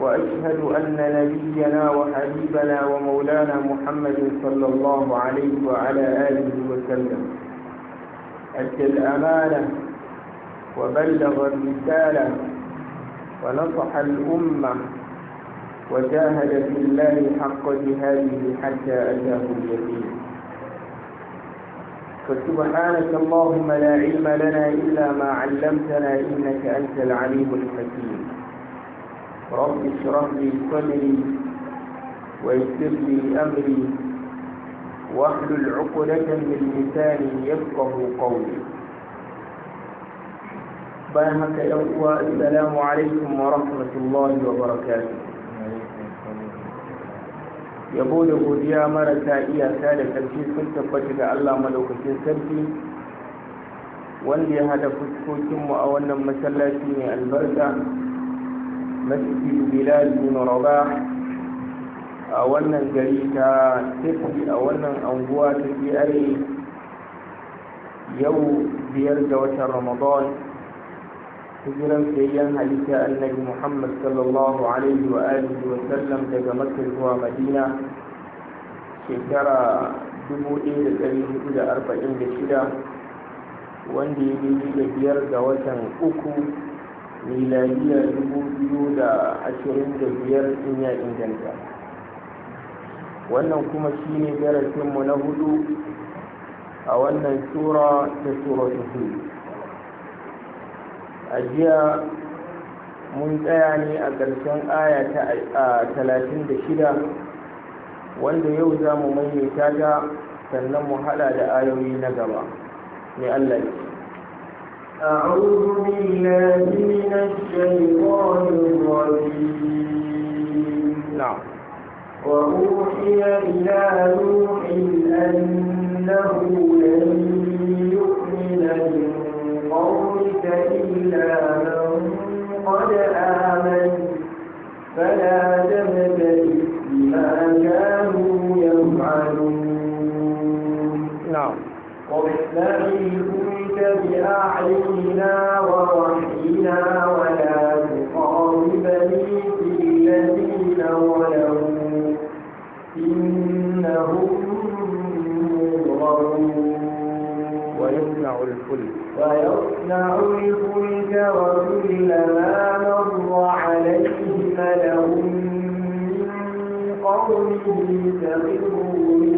وأشهد أن نبينا وحبيبنا ومولانا محمد صلى الله عليه وعلى آله وسلم أدى الأمانة وبلغ الرسالة ونصح الأمة وجاهد في الله حق جهاده حتى أتاه اليقين فسبحانك اللهم لا علم لنا إلا ما علمتنا إنك أنت العليم الحكيم رب اشرح لي صدري ويسر لي أمري واحلل عقدة من لساني يفقه قولي بارك يا السلام عليكم ورحمة الله وبركاته yabo da godiya marasa iyaka da ƙarfi sun tabbata ga Allah malaukakin sarki wanda ya hada fuskokinmu a wannan masallaci mai albarka masjid bilal bin rabah a wannan gari ta tafi a wannan anguwa ta are yau biyar ga watan ramadan hijiran sayayyen halitta annabi muhammad sallallahu alaihi wa alihi wa sallam daga makka zuwa madina shekara 1446 wanda ya daidai da biyar ga watan uku miladiya dubu biyu da ashirin da biyar in ya inganta wannan kuma shi ne mu na hudu a wannan tura ta sura ta a jiya mun tsaya ne a ƙarshen aya ta talatin da shida wanda yau za mu maimaita ta sannan mu haɗa da ayoyi na gaba mai allah أعوذ بالله من الشيطان الرجيم نعم وأوحي إلى نوح أنه لن يؤمن من قومك إلا من قد آمن فلا تبتئس بما كانوا يفعلون وبالله كنت بأعيننا ووحينا ولا تقاربني في الذين ظلموا إنهم مغرمون ويصنع الفلك ويصنع الفلك وكلما مر عليه فلهم من قومه سخروا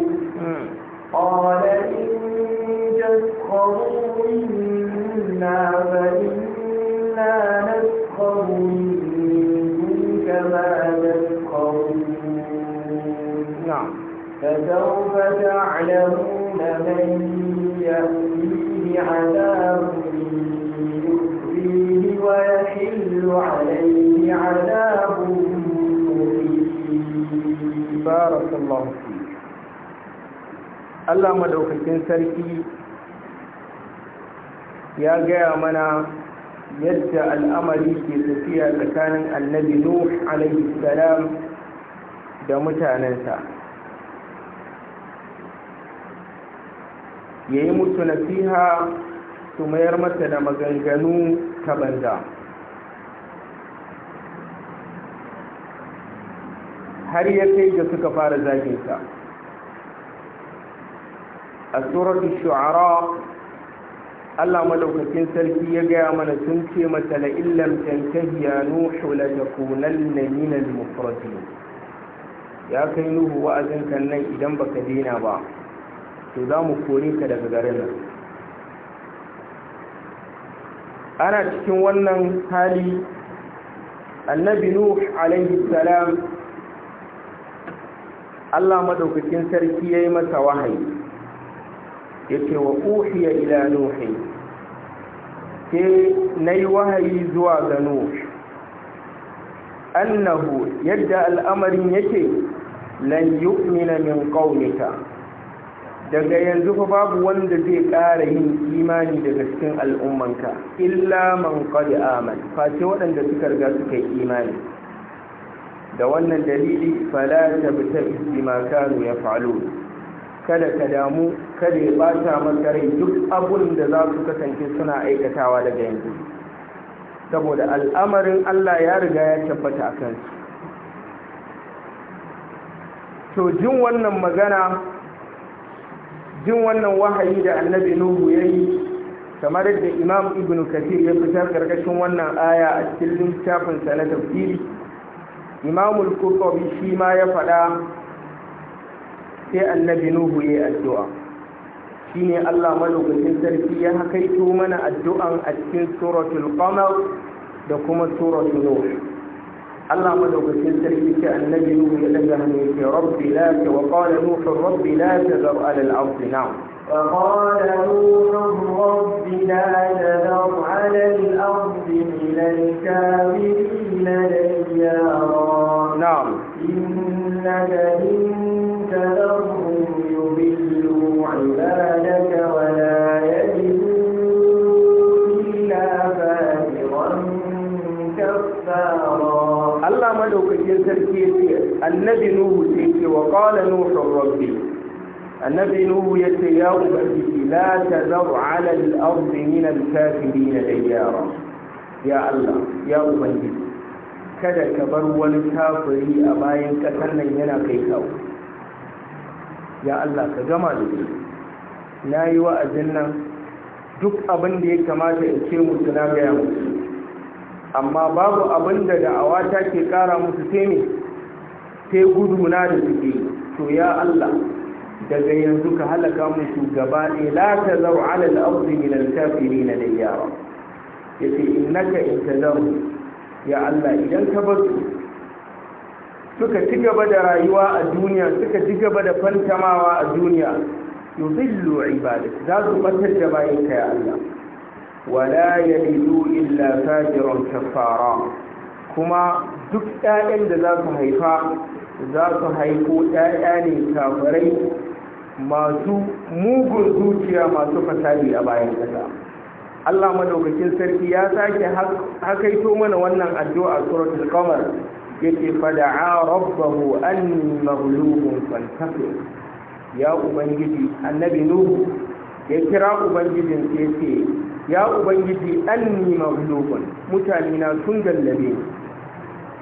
قال إن يسخروا منا فإنا نسخر منهم كما يسخرون نعم فسوف تعلمون من يأتيه عذاب يخزيه ويحل عليه عذاب مقيم بارك الله فيك Allah madaukakin sarki ya gaya mana yadda al'amari ke tafiya tsakanin annabi nuh salam da mutanensa ya yi musu nasiha su mayar masa da maganganu ta banza har ya kai da suka fara zaginsa a tsoron shu'ara Allah madaukakin sarki ya gaya mana sun ce mata la illam tantahi ya nuhu la takunanna min al ya kai nuhu wa'azin kan nan idan baka daina ba to za mu kore ka daga garin nan ana cikin wannan hali annabi nuh alaihi salam Allah madaukakin sarki yayi masa wahayi yake wa uhiya ila nuhi ke nayi wahayi zuwa ga annahu yadda al'amarin yake lan yu'mina min qaumika daga yanzu fa babu wanda zai ƙara yin imani daga cikin al'ummanka illa man qad aman face waɗanda suka riga suka yi imani da wannan dalili fala tabta bima kanu yaf'alun kada ka damu kada ya bata maka rai duk abun da za su kasance suna aikatawa daga yanzu saboda al'amarin Allah ya riga ya tabbata a kansu to jin wannan magana jin wannan wahayi da annabi nuhu ya yi kamar yadda imam ibn kathir ya fitar karkashin wannan aya a cikin littafinsa na tafsiri imamul kurtobi shi ma ya faɗa sai annabi nuhu ya yi addu'a Shi ne Allah malaukakin sarki ya hakaito mana addu'an a cikin suratul qamar da kuma suratul nuh Allah malaukakin sarki sai annabi nuhu ya daga hannu ya ce rabbi la ta wa qala nuhu rabbi la tazar ala al-ard na'am فقال نوح رب لا تذر على الأرض من الكافرين ديارا نعم إنك من annabi nuhu sai ce wa qala nuhu rabbi annabi nuhu yace ya ubangiji la tazar ala al-ardi min al-kafirin dayyara ya allah ya ubangiji kada ka bar wani kafiri a bayan kasar nan yana kai kawo ya Allah ka gama da ni na yi wa'azin nan duk abin da ya kamata in ce musu na gaya musu amma babu abin da da'awa ta ke kara musu sai ne sai guduna da suke to ya Allah daga yanzu ka halaka musu gaba ne, la ta zau ala al'abdi min al-kafiri na da yace innaka in tazaru ya Allah idan ka bar su suka ci gaba da rayuwa a duniya suka ci gaba da fantamawa a duniya yuzillu ibadati za su batar da bayin kai Allah wala yalidu illa fajirun kafara kuma duk ƴaƴan da za su haifa za su haifo ƴaƴa ne kafirai masu mugun zuciya masu fasadi a bayan kasa Allah madaukakin sarki ya sake hakaito mana wannan addu'a suratul qamar yake fada'a rabbahu anni maghlubun fantafir ya ubangiji annabi nuhu ya kira ubangijin ya ya ubangiji anni maghlubun mutane Mutanena sun gallabe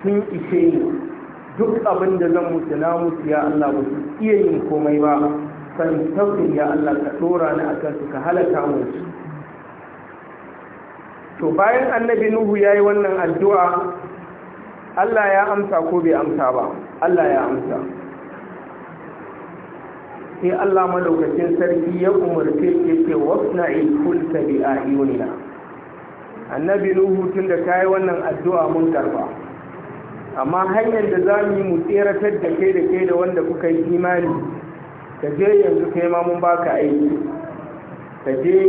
sun ishe ni duk abin da zan mutu na mutu ya Allah ba iya yin komai ba fantafir ya Allah ka dora ni a kansu, ka halata mutu to bayan annabi nuhu ya yi wannan addu'a Allah ya amsa ko bai amsa ba Allah ya amsa sai Allah madaukakin sarki ya umarce wasna il kulta bi ayunina annabi nuhu tun da kai wannan addu'a mun karba amma hanyar da za mu yi mu tseratar da kai da kai da wanda kuka yi imani ka je yanzu kai ma mun baka aiki ka je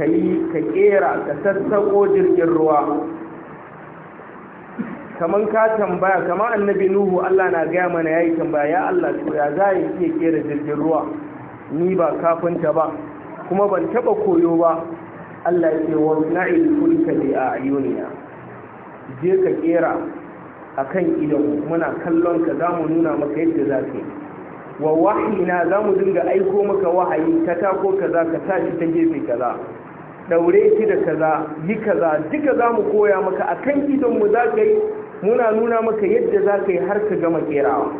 ka yi ka kera ka sassako jirgin ruwa kaman ka tambaya kaman annabi nuhu Allah na gaya mana yayi tambaya ya Allah to ya za a iya kera jirgin ruwa ni ba kafinta ba kuma ban taba koyo ba Allah ya ce wa na'il kulka a a'yunina je ka kera akan idan muna kallon ka mu nuna maka yadda za ka yi wa wahina zamu dinga aiko maka wahayi ka tako kaza ka tashi ta gefe kaza daure shi da kaza yi kaza duka za mu koya maka akan idan mu za ka yi muna nuna maka yadda za ka yi har ka gama kerawa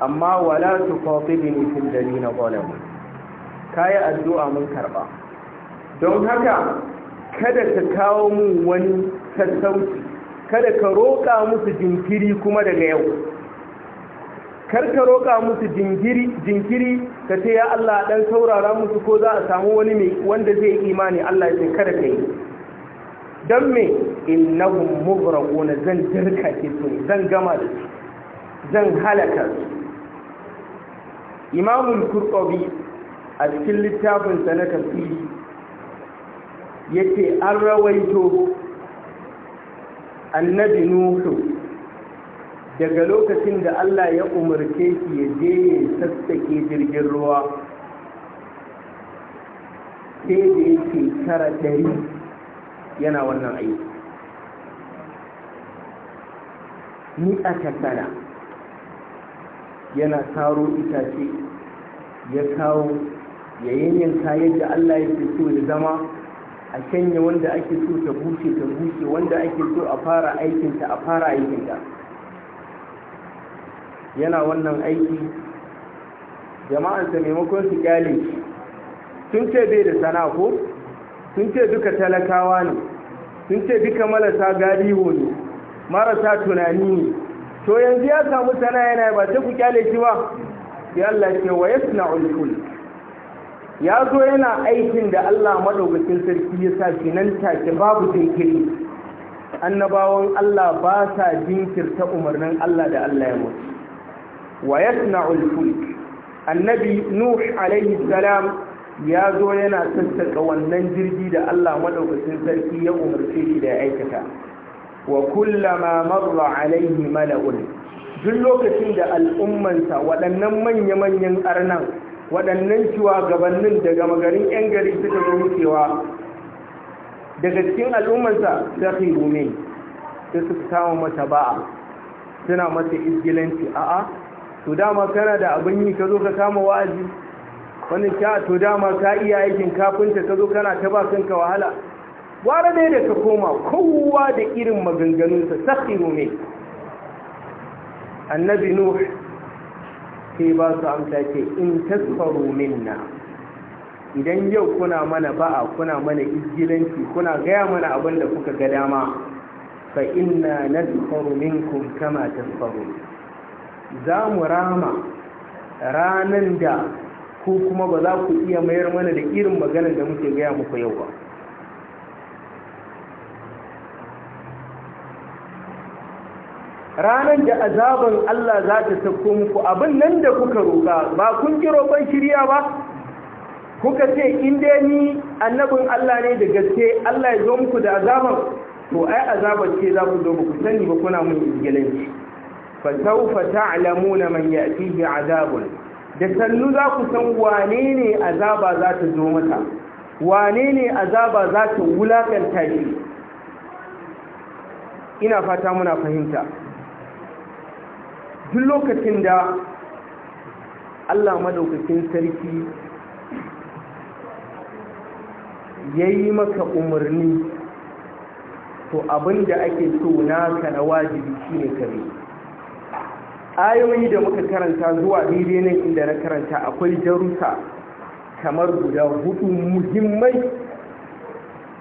amma wala su kwafi da nufin dari na kwalamu ka yi addu'a mun karɓa don haka kada ka kawo mun wani sassauci kada ka roƙa musu jinkiri kuma daga yau kar ka roƙa musu jinkiri ka ce ya Allah ɗan saurara musu ko za a samu wani mai wanda zai imani Allah ya ce kada ka yi don me innahum mughraquna zan jirka ke su zan gama da su zan halaka su imamul qurtubi a cikin littafin sa na tafsiri yace an rawaito annabi nuhu daga lokacin da Allah ya umarce shi ya je ya sassake jirgin ruwa sai da yake tara ɗari yana wannan aiki mi'ata sana yana taro itace ya kawo ya yanyanka yadda Allah ya ce so ya zama a shanye wanda ake so ta bushe ta bushe wanda ake so a fara aikinta a fara aikinta yana wannan aiki jama'ansa maimakon su kyale tun ce bai da sana'a ko sun ce duka talakawa ne sun ce duka marasa galihu ne marasa tunani ne to yanzu ya samu sana yana ba ta ku kyale shi ba ya Allah ce wa yasna'ul ya zo yana aikin da Allah madaukakin sarki ya sa shi nan take babu jinkiri annabawan Allah ba sa jinkirta umarnin Allah da Allah ya mutu wa yasna'ul fulk annabi nuh alayhi salam ya zo yana sassaka wannan jirgi da Allah maɗaukacin sarki ya umarce shi da ya aikata wa kullama marra alaihi mala'un duk lokacin da al'ummansa waɗannan manya-manyan arnan waɗannan shugabannin daga magarin 'yan gari suka zo wucewa daga cikin al'ummansa ta fi rume da su samu mata ba'a suna mata izgilanci a'a su dama kana da abin yi ka zo ka kama wa'azi wani ta to dama ka iya aikin kafinta ka zo kana ta ba kanka wahala Gwara ne da ka koma kowa da irin maganganunsa sakiru ne annabi nuh sai ba su amsa ce in tasfaru minna idan yau kuna mana ba'a kuna mana izgilanci kuna gaya mana abin da kuka ga dama fa inna nasfaru minkum kama tasfaru za mu rama ranan da ko kuma ba za ku iya mayar mana da irin magana da muke gaya muku yau ba ranar da azaban Allah za ta sako muku abin nan da kuka roƙa ba kun ki roƙon shirya ba kuka ce in dai ni annabin Allah ne da gaske Allah ya zo muku da azaban to ai azabar ce za ku zo ku sani ba kuna mun gilanci fa sawfa ta'lamuna man ya'tihi azabun da sannu za ku san wane ne azaba za ta zo mata wane ne azaba za ta wulakanta shi ina fata muna fahimta duk lokacin da Allah maɗaukacin sarki ya yi maka umarni to abin da ake so na na wajibi shine kare ayoyi da muka karanta zuwa daidai nan inda na karanta akwai jarusa kamar guda hudu muhimmai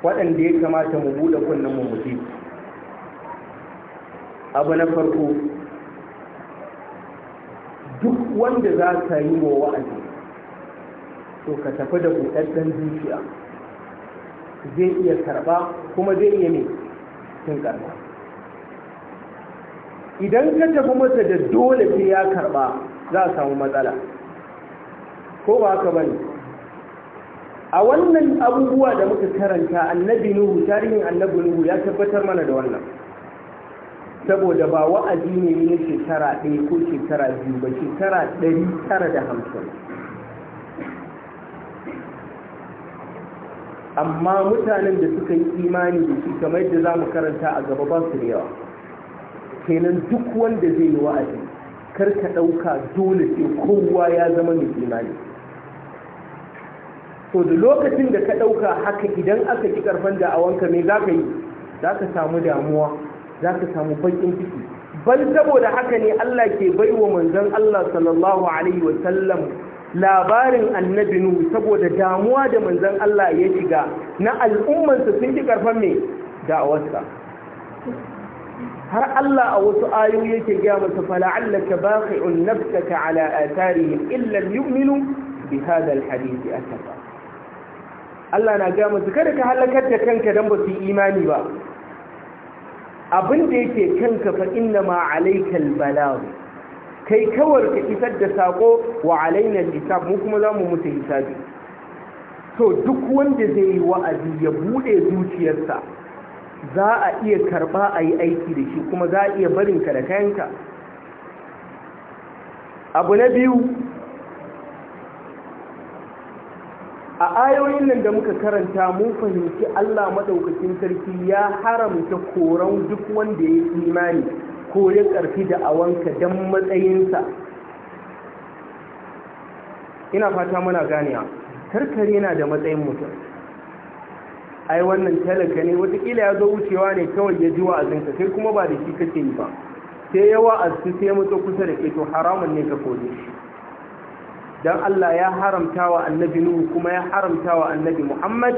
waɗanda ya kamata mu buɗe kunnen mu abu na farko duk wanda za ka yi wa wa'azi to ka tafi da buɗaɗɗen zuciya zai iya karɓa kuma zai iya ne cin karɓa idan ka tafi masa da dole sai ya karba za a samu matsala ko ba haka bane a wannan abubuwa da muka karanta annabi nuhu tarihin annabi nuhu ya tabbatar mana da wannan saboda ba wa'azi ne na shekara ɗaya ko shekara biyu ba shekara ɗari tara da hamsin amma mutanen da suka yi imani da shi kamar yadda za mu karanta a gaba ba su da yawa kenan duk wanda zai yi wa'azi kar ka ɗauka dole sai kowa ya zama mai imani to da lokacin da ka ɗauka haka idan aka ƙi ƙarfin da'awanka me za ka yi za ka samu damuwa za ka samu baƙin ciki bal saboda haka ne Allah ke baiwa manzon Allah sallallahu alaihi wa sallam labarin annabi nu saboda damuwa da manzon Allah ya shiga na al'ummansa sun ƙi ƙarfin me da'awarsa har Allah a wasu ayoyi yake gaya masa fala'allaka baqi'un nafsaka ala atharihim illa yu'minu bi hadha alhadith asafa Allah na gaya masa kada ka halakar da kanka dan ba su imani ba abin da yake kanka fa inna ma alayka albalagh kai kawar ka isar da sako wa alaina hisab mu kuma zamu mutu hisabi to duk wanda zai yi wa'azi ya bude zuciyarsa za a iya karɓa a yi aiki da shi kuma za a iya barinka da kayanka abu na biyu a ayoyin nan da muka karanta mun fahimci Allah maɗaukacin sarki ya haramta koran duk wanda ya yi imani ko ya ƙarfi da awanka don matsayinsa ina fata muna ganiya karkare yana da matsayin mutum ai wannan talaka ne watakila ya zo wucewa ne kawai ya ji wa'azinka kai kuma ba da shi kake yi ba sai ya wa'azi sai ya mutu kusa da to haramun ne ka kore shi dan Allah ya haramta wa annabi Nuhu kuma ya haramta wa annabi Muhammad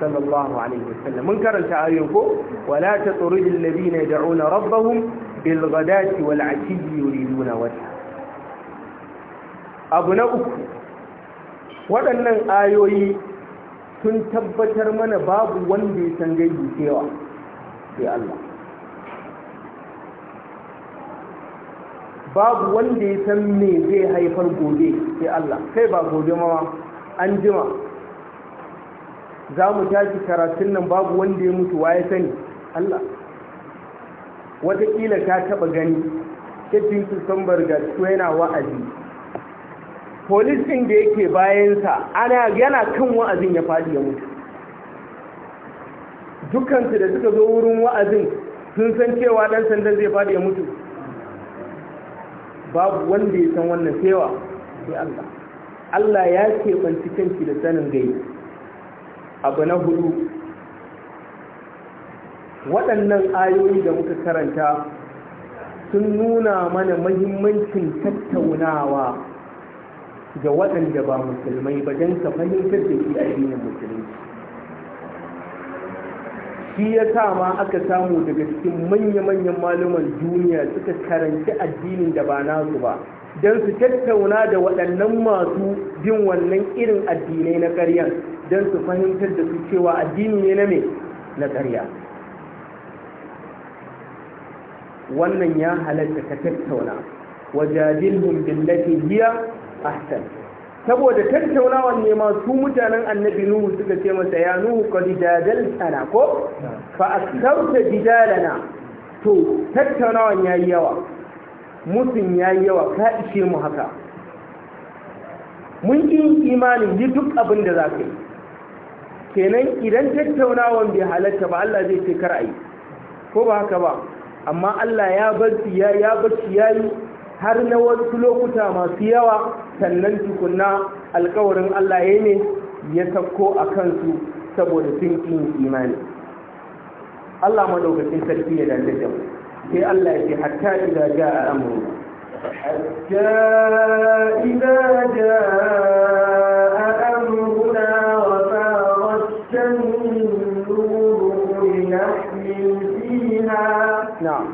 sallallahu alaihi wasallam mun karanta ayoyin ko wala tatruj alladhina yad'una rabbahum bil ghadati wal ashi yuriduna wajha abu na uku waɗannan ayoyi sun tabbatar mana babu wanda ya san gaibi cewa sai Allah babu wanda ya san me zai haifar gobe sai Allah kai ba gobe ma an jima za mu tashi karatun nan babu wanda ya mutu wa ya sani Allah wataƙila ta taɓa gani 15 December ga yana wa'azi polisin ɗin da yake bayansa ana yana kan wa'azin ya faɗi ya mutu dukansu da suka zo wurin wa'azin sun san cewa ɗan sandan zai faɗi ya mutu babu wanda ya san wannan cewa, sai Allah Allah ya keɓanci kanki da sanin gai abu na hudu waɗannan ayoyi da muka karanta sun nuna mana mahimmancin tattaunawa ga waɗanda ba musulmai ba don ka fahimtar da shi addinin musulunci shi ya sa ma aka samu daga cikin manya-manyan malaman duniya suka karanci addinin da ba nasu ba don su tattauna da waɗannan masu bin wannan irin addinai na ƙarya don su fahimtar da su cewa addini ne na me na ƙarya wannan ya halatta ka tattauna wajadilhum billati hiya ahsan saboda tattaunawan nema su mutanen annabi nuhu suka ce masa ya nuhu qad jadaltana ko fa aktarta jidalana to tattaunawan yayi yawa musun yayi yawa ka ishe mu haka mun yi imanin yi duk abin da za ka yi kenan idan tattaunawan bai halatta ba Allah zai ce kar ko ba haka ba amma Allah ya barci ya ya barci yayi har na wasu lokuta masu yawa sannan tukunna alkawarin Allah ya ne ya sakko a kansu saboda sun yi imani Allah madaukakin sarki ya dace da sai Allah ya ce hatta idza jaa amru hatta idza jaa amruna wa farashan nuru nahmil fiha na'am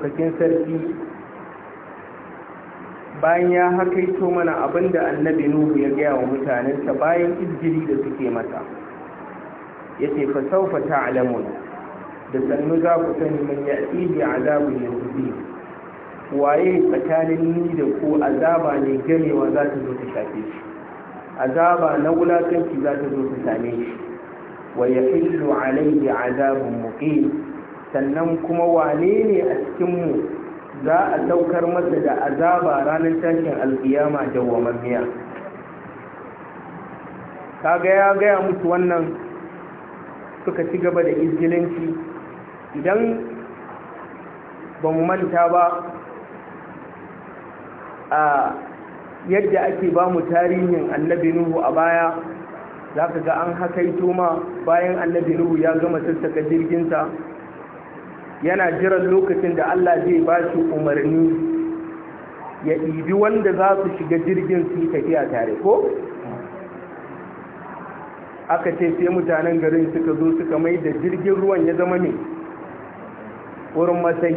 maɗaukakin sarki bayan ya hakaito mana abin da annabi nuhu ya gaya wa mutanensa bayan izgiri da suke mata ya ce fa saufa ta'lamun da sannu za ku sani man ya zabin ya yanzu waye tsakanin ni da ku azaba ne gamewa za ta zo ta shafe shi azaba na wulaƙanci za ta zo ta same shi wa ya hillu alaihi azabun muqim sannan kuma wane ne a cikinmu za a saukar masa da azaba ranar tashin alkiyama dawwamammiya kaga ya gaya musu wannan suka ci gaba da izgilinci idan ba mu manta ba a yadda ake ba mu tarihin annabi nuhu a baya za ka ga an hakaito ma bayan annabi nuhu ya gama sassaka jirginsa yana jiran lokacin da Allah zai ba shi umarni ya ibi wanda za su shiga jirgin su yi tafiya tare ko? aka ce sai mutanen garin suka zo suka mai da jirgin ruwan ya zama ne wurin matsayi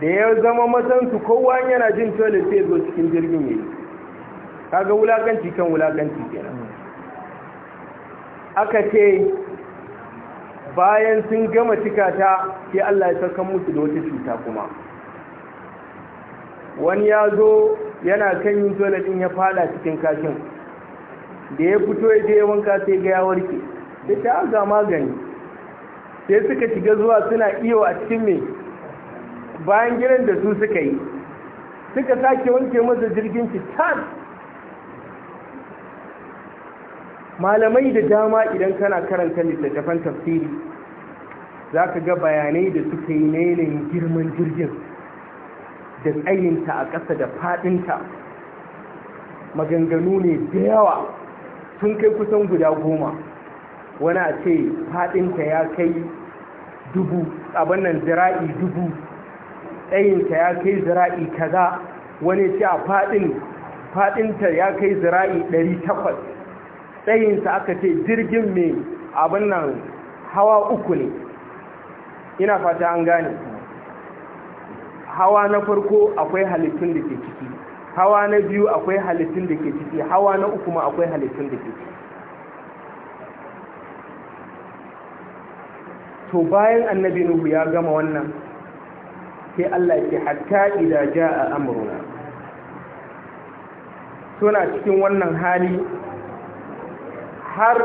da ya zama matsansu kowa yana jin tole sai zo cikin jirgin yi, kaga wulakanci kan wulakanci kenan aka ce bayan sun gama cika ta sai Allah ya saukan musu da wata cuta kuma wani ya zo yana kan yin tola din ya fada cikin kashin da ya fito ya je wanka sai ga ya warke da ta aga ah, magani sai suka shiga zuwa suna iyo a cikin mai bayan gidan da su suka yi suka sake wanke masa jirgin shi tas malamai da dama idan kana karanta littattafan tafsiri za ka ga bayanai da suka yi na yanayin girman jirgin da tsayinta a ƙasa da faɗinta maganganu ne da yawa sun kai kusan guda goma wani a ce faɗinta ya kai dubu abin nan zira'i dubu tsayinta ya kai zira'i kaza wani ce a faɗinta ya kai zira'i ɗari takwas tsayinsa aka ce jirgin mai abin nan hawa uku ne ina fata an gane hawa na farko akwai halittun da ke ciki hawa na biyu akwai halittun da ke ciki hawa na uku ma akwai halittun da ke ciki to bayan annabi nuhu ya gama wannan sai Allah ke hatta idan ja'a amruna suna cikin wannan hali har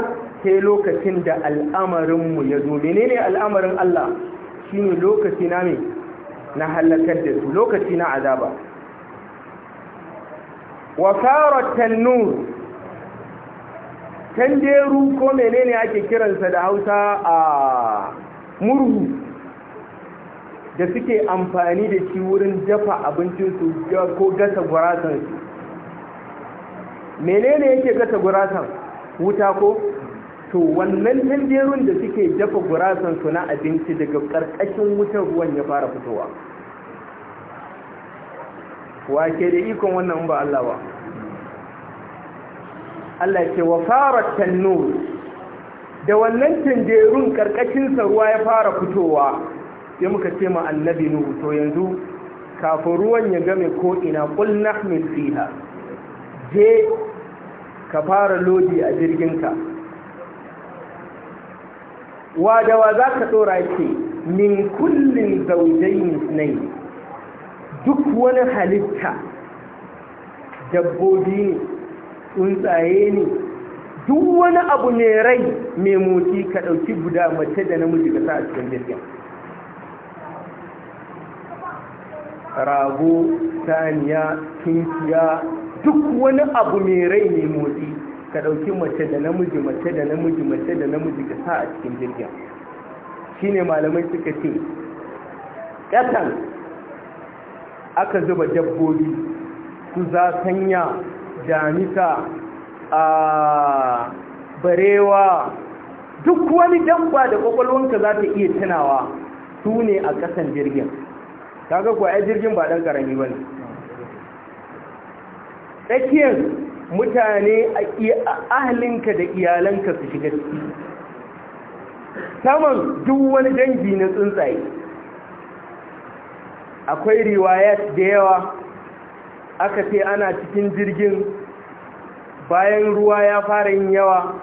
sai lokacin da al'amarinmu ya zo menene al'amarin Allah shi ne lokaci na ne na halakar da su lokaci na azaba wa farat tannur tanderu ko menene ake kiransa da Hausa a murhu da suke amfani da shi wurin dafa abincinsu ko gasa gurasansu menene yake gasa gurasansu wuta ko to wannan tanjerun da suke dafa gurasan su na abinci daga karkashin wutar ruwan ya fara fitowa wake da ikon wannan ba Allah ba Allah ce wa fara tannur da wannan tanjerun karkashin ruwa ya fara fitowa sai muka ce ma annabi nuhu to yanzu kafin ruwan ya game ko ina qul nahmil fiha je ka fara lodi a jirginka wa da wa za ka tsora ce min kullin zaujayin nai duk wani halitta dabbobi ne tsuntsaye ne duk wani abu ne rai mai moti ka ɗauki guda mace da namiji ka sa a cikin jirgin rago saniya kinkiya duk wani abu mai rai ne motsi ka ɗauki mace da namiji mace da namiji mace da namiji ka sa a cikin jirgin shi ne malamai suka ce ƙasan aka zuba dabbobi su za sanya damisa a barewa duk wani dabba da kwakwalwanka za ta iya tunawa su ne a ƙasan jirgin kaga kuwa ya jirgin ba ɗan ƙarami ba ne tsakiyar mutane a ahalinka da iyalanka su shiga ciki saman duk wani dangi na tsuntsaye akwai riwayat da yawa aka ce ana cikin jirgin bayan ruwa ya fara yin yawa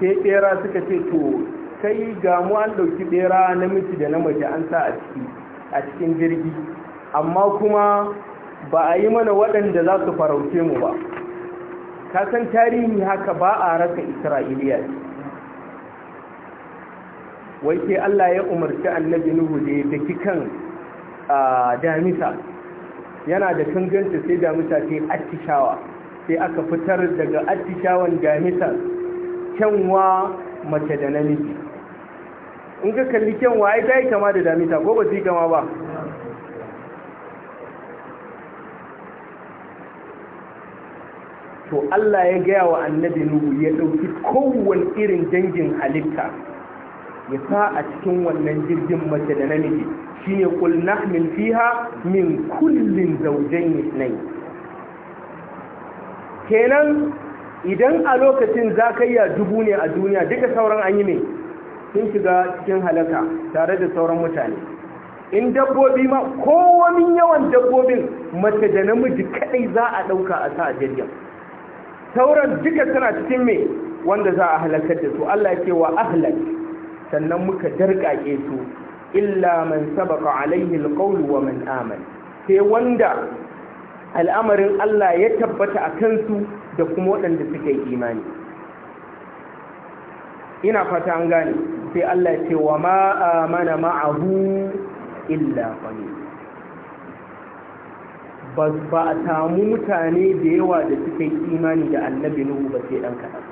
sai bera suka ce to kai ga mu an dauki bera namiji da na an sa a cikin jirgi amma kuma ba a yi mana waɗanda za su farauce mu ba kasan tarihi haka ba a rasa isra'iliya wai ke allah ya umarci annabi nuhu da ya daki kan damisa yana da kanganta sai damisa sai attishawa sai aka fitar daga attishawan damisa kyanwa mace da namiji in ka kalli kyanwa ya ta yi kama da damisa ko ba su yi kama ba to Allah ya gaya wa annabi Nuhu ya ɗauki kowane irin dangin halitta ya sa a cikin wannan jirgin mace da namiji shine qul nahmil fiha min kullin zaujen nai kenan idan a lokacin zakayya dubu ne a duniya duka sauran an yi ne sun shiga cikin halaka tare da sauran mutane in dabbobi ma kowanin yawan dabbobin mace da namiji kadai za a ɗauka a sa a jirgin sauran duka suna cikin me wanda za a halakar da su Allah ya ce wa ahlak sannan muka darƙaƙe su illa man sabaqa alaihi alqawlu wa man aman, sai wanda al'amarin Allah ya tabbata a kansu da kuma waɗanda suka yi imani ina fata an gane sai Allah ya ce wa ma amana ma'ahu illa qalil ba a samu mutane da yawa da suka yi imani da annabi nuhu ba sai ɗan kaɗan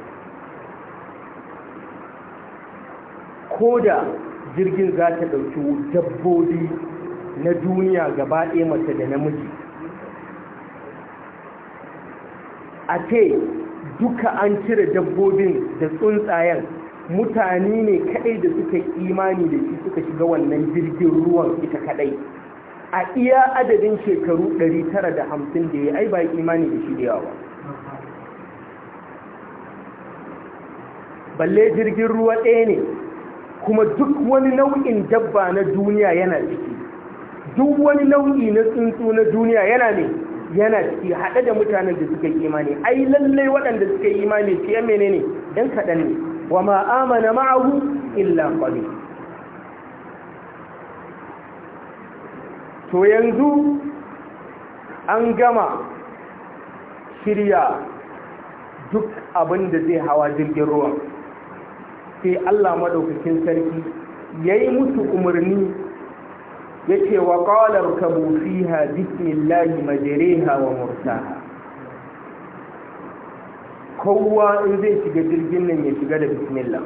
ko da jirgin za ta ɗauki dabbobi na duniya gaba ɗaya mace da namiji a ce duka an cire dabbobin da tsuntsayen mutane ne kaɗai da suka yi imani da shi suka shiga wannan jirgin ruwan ita kaɗai a iya adadin shekaru 950 da ya ai ba imani da shi da yawa balle jirgin ruwa ɗaya ne kuma duk wani nau'in dabba na duniya yana ciki duk wani nau'i na tsuntsu na duniya yana ne yana ciki haɗe da mutanen da suka yi imani ai lallai waɗanda suka yi imani fiye ne ɗan kaɗan ne wa ma'amana ma'ahu illa ƙwari to yanzu an gama shirya duk abin da zai hawa jirgin ruwa sai allah maɗaukakin sarki ya yi musu umarni ya ce wa ƙawalar kabufiha bismillahi majareha wa murta kowa in zai shiga jirgin nan ya shiga da bismillah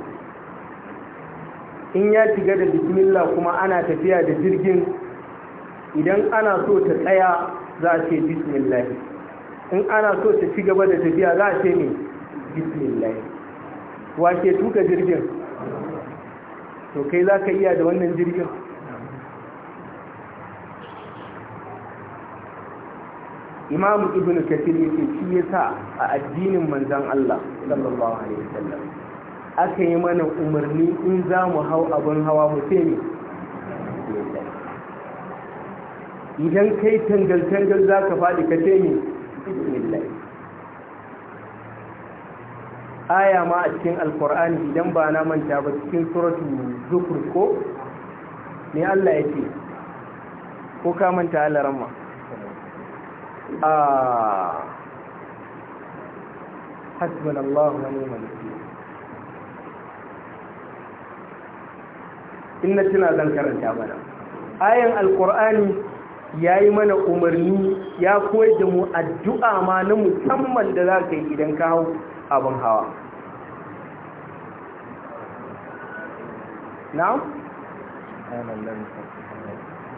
in ya shiga da bismillah kuma ana tafiya da jirgin idan ana so ta tsaya za a ce bismillah in ana so ta ci gaba da tafiya za a ce ne bismillah wa ke tuka jirgin to kai za ka iya da wannan jirgin imam ibn kathir yake shi sa a addinin manzon Allah sallallahu alaihi wasallam aka yi mana umarni in za mu hau abin hawa mu ce ne idan kai tangal-tangal za ka faɗi ka ce ne bismillah aya ma a cikin alkur'ani idan ba na manta ba cikin suratun zukur ko ne allah ya ce ko ka manta halarar ma a hasbun allah wani malaki in Inna tuna zan karanta bana ayan alkur'ani ya yi mana umarni ya koyar da mu addu'a ma na musamman da za ka yi idan ka hau abin hawa na'am?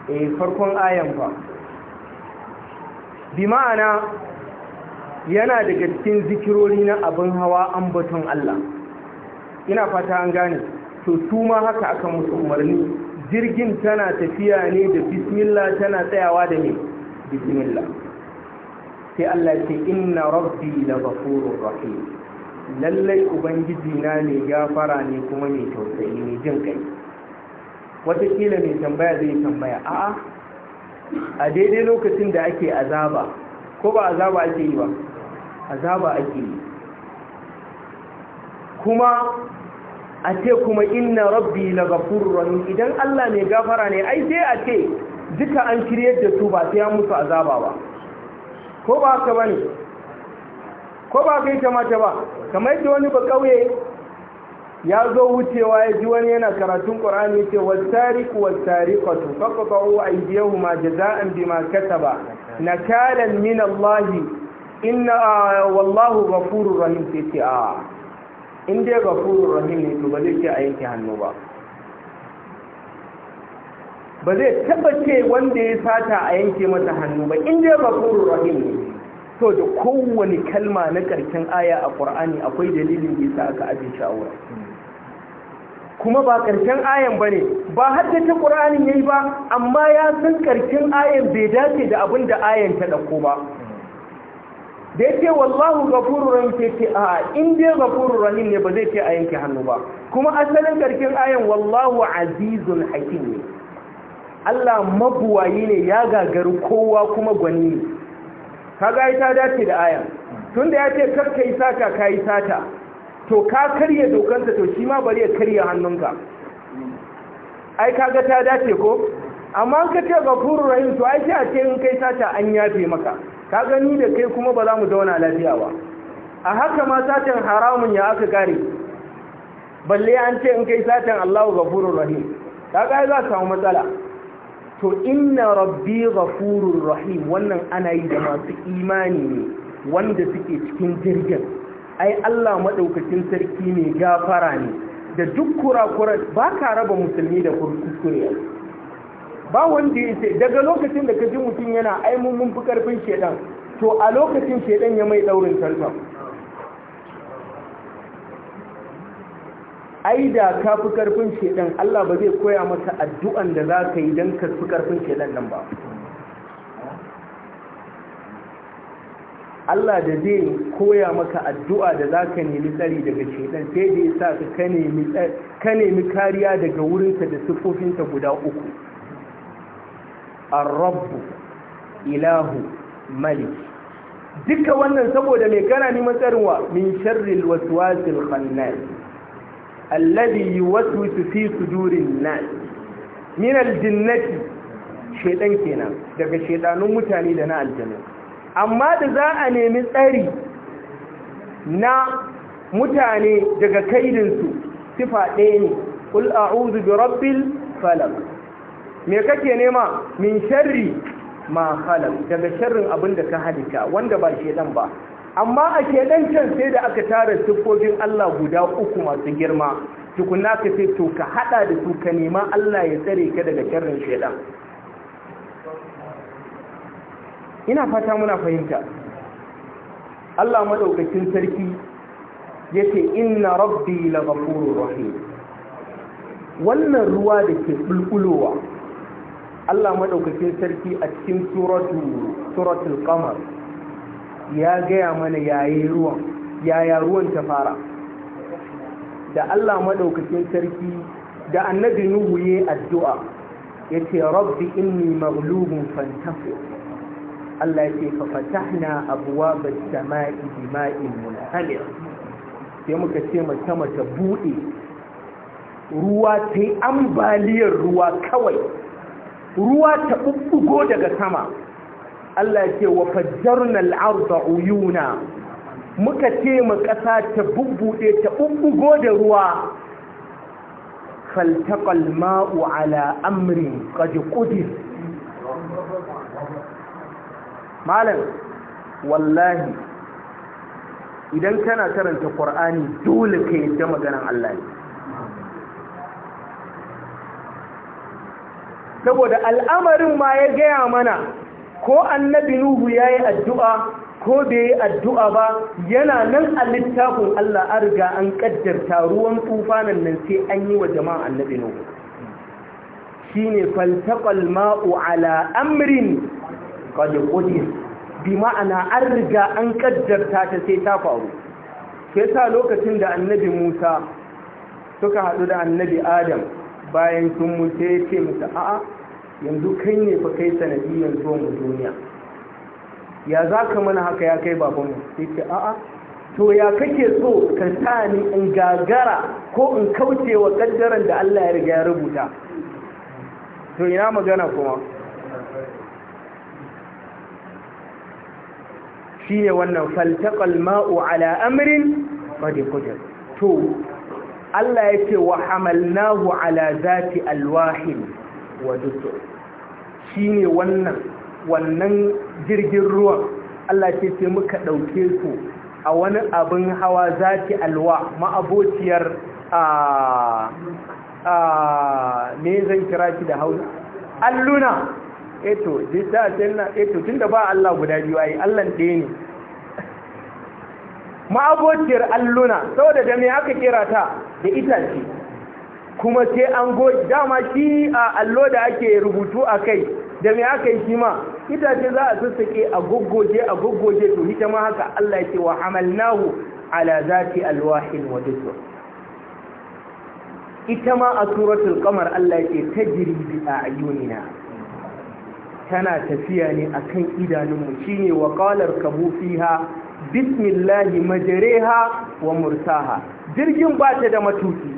e farkon ayan fa bi ma'ana yana daga cikin zikirori na abin hawa ambaton Allah ina fata an gane to su ma haka aka musu umarni jirgin tana tafiya ne da bismillah tana tsayawa da ne bismillah sai Allah ce inna rabbi la ghafurur rahim lallai ubangiji na ne gafara ne kuma mai tausayi ne jin kai watakila mai tambaya zai tambaya a'a a daidai lokacin da ake azaba ko ba azaba ake yi ba azaba ake yi kuma a ce kuma inna rabbi la ghafurur rahim idan Allah ne gafara ne ai sai a ce duka an kiryar da su ba sai an musu azaba ba ko ba haka bane ko ba kai kamata ba kamar yadda wani ba kauye ya zo wucewa ya ji wani yana karatun ƙorani ce wasariku wasariƙatu kawo a idiyahu ma jaza'an bi ma kataba na kalan min Allahi inna wallahu ghafurur rahim ce a in dai gafurur rahim ne to ba zai ce a yanke hannu ba ba zai tabbace ce wanda ya sata a yanke masa hannu ba in dai gafurur rahim ne to da kowane kalma na karkin aya a qur'ani akwai dalilin da yasa aka aje shi a wurin kuma ba karshen ayan ba ne ba ta ƙur'anin ya yi ba amma ya san karshen ayan bai dace da abin da ayan ta ɗauko ba da ya ce wallahu gafuru rahim ce ce a in dai gafuru rahim ne ba zai ce a yanke hannu ba kuma asalin karkin ayan wallahu azizun hakim ne Allah mabuwayi ne ya gagaru kowa kuma gwani ne kaga ita dace da ayan da ya ce kar yi sata ka yi sata to ka karya dokanta to shi ma bari ya karya hannunka ai kaga ta dace ko amma ka ce gafuru rahim to ai sai a ce in kai sata an yafe maka ka gani da kai kuma ba za mu zauna lafiya ba a haka ma satan haramun ya aka kare balle an ce in kai satan Allahu ghafurur rahim ka ga za samu matsala to inna rabbi ghafurur rahim wannan ana yi da masu imani ne wanda suke cikin jirgin ai Allah maɗaukacin sarki ne gafara ne da duk kura-kura ba ka raba musulmi da kuskure ba wanda ya ce daga lokacin da ka ji mutum yana aimun mun fi karfin shedan to a lokacin shedan ya mai daurin tarkon ai da ka fi karfin shedan Allah ba zai koya maka addu'an da za ka yi don ka fi karfin shedan nan ba Allah da zai koya maka addu'a da za ka nemi tsari daga shedan sai da ya sa ka nemi kariya daga wurinsa da siffofinsa guda uku ar-rabbu ilahu malik duka wannan saboda mai kana ni matsarwa min sharril waswasil khannas alladhi yuwaswisu fi sudurin nas min al-jinnati kenan daga shedanun mutane da na aljanna amma da za a nemi tsari na mutane daga kaidinsu sifa ɗaya ne kul a'udhu bi rabbil falaq me kake nema min sharri ma khalaq daga sharrin abin da ka halitta wanda ba shedan ba amma a shedan can sai da aka tara siffofin Allah guda uku masu girma tukunna ka sai to ka hada da su ka nema Allah ya tsare ka daga sharrin shedan ina fata muna fahimta Allah madaukakin sarki yace inna rabbi la ghafurur rahim wannan ruwa da ke bulbulowa Allah madaukakin sarki a cikin suratul kamar ya gaya mana yayi ruwan yaya ruwan ta fara da Allah maɗaukakin sarki da annabi nuhu yayi addu'a yace rabbi inni maghlubun fantafi Allah na abuwa ba abwaabas samaa'i bima'in munhamir sai muka ce mata mata buɗe ruwa tai ambaliyar ruwa kawai ruwa ta ɓuɓɓugo daga sama Allah ce wa na arda uyuna muka ce mu ƙasa ta bubbuɗe ta ɓuɓɓugo da ruwa faltaƙal ma'u ala amri ƙaji ƙudis malam wallahi idan kana karanta ƙwar'ani dole ka yarda maganar Allah ne saboda al'amarin ma ya gaya mana ko annabi nuhu ya yi addu'a ko bai yi addu'a ba yana nan a littafin Allah an riga an ƙaddarta ruwan tufanin nan sai an yi wa jama'a annabi nuhu shi ne faltaƙal ma'u ala amrin ƙadƙudir bi ma'ana an riga an ƙaddarta ta sai ta faru sai sa lokacin da annabi musa suka haɗu da annabi adam bayan sun mutu ya ce musu a'a yanzu kai ne fa kai sanadiyyar zuwan mu duniya ya za ka mana haka ya kai babanmu ya ce a'a to ya kake so ka sa ni in gagara ko in kauce wa kaddaran da Allah ya riga ya rubuta to ina magana kuma ne wannan faltaqal ma'u ala amrin qad qadir to Allah ya ce wa hamalnahu ala zati alwahin wa dusur shine wannan wannan jirgin ruwan Allah ce sai muka dauke su a wani abin hawa zati alwa ma'abociyar a a ne zai kira shi da hauna alluna eto eh dita eh tunda ba Allah guda biyu ai Allah ɗaya ne ma'abociyar alluna saboda da me aka kira ta da itace kuma sai an goge dama shi a allo da ake rubutu a kai da me aka yi shi ma itace za a sassake a goggoje a goggoje to ita ma haka Allah ce wa hamalnahu ala zati alwahin wa dusur ita ma a suratul qamar Allah ta tajri bi ayunina tana tafiya ne akan idanunmu shine wa qalar kabu fiha bismillahi majareha wa mursaha jirgin ba ta da matuki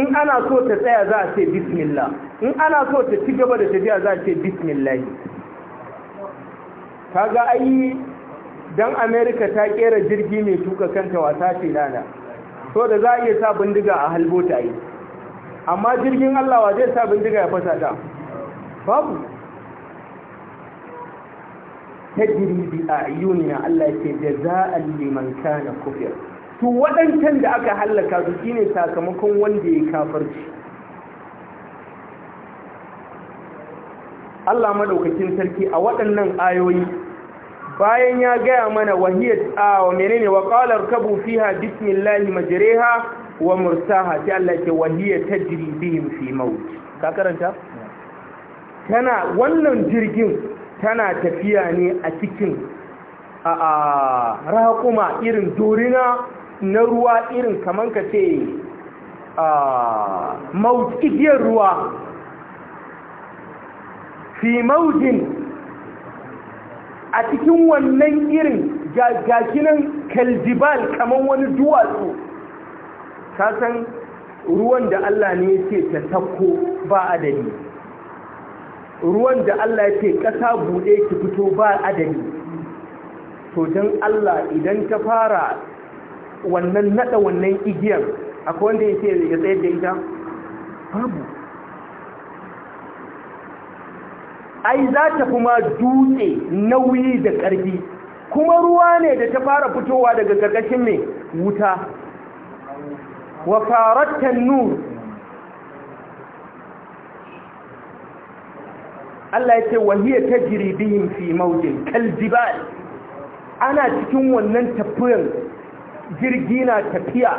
in ana so ta tsaya za a ce bismillah in ana so ta ci gaba da tafiya za a ce bismillahi kaga ai dan america ta kera jirgi mai tuka kanta wasa ce lana so da za a iya sa bindiga a halbota yi amma jirgin allah wa zai sa bindiga ya fasa ta babu tajri bi ayunina Allah ce jaza'an liman kana kufir to waɗancan da aka hallaka su shine sakamakon wanda ya kafarci Allah madaukakin sarki a waɗannan ayoyi bayan ya gaya mana wahiyat a wa menene wa qala rkabu fiha bismillahi majriha wa mursaha sai Allah ce wahiya tajri bihim fi maut ka karanta tana wannan jirgin tana tafiya ne a cikin a raƙuma irin dorina na ruwa irin kamar ka ce mautikiyar ruwa fi maujin a cikin wannan irin gashinan kaljibal kamar wani duwatsu san ruwan da Allah ne ya ce ta sakko ba adadi ruwan da Allah ya ce ƙasa buɗe ki fito ba adadi to don Allah idan ta fara wannan nada wannan igiyar akwai wanda ya ce ya tsayar da ita babu ai za ta kuma dutse nauyi da ƙarfi kuma ruwa ne da ta fara fitowa daga ƙarƙashin mai wuta wa faratta nur Allah ya ce wahiyar ta jiribihin fi maujin kaljibal ana cikin wannan tafiyan jirgi na tafiya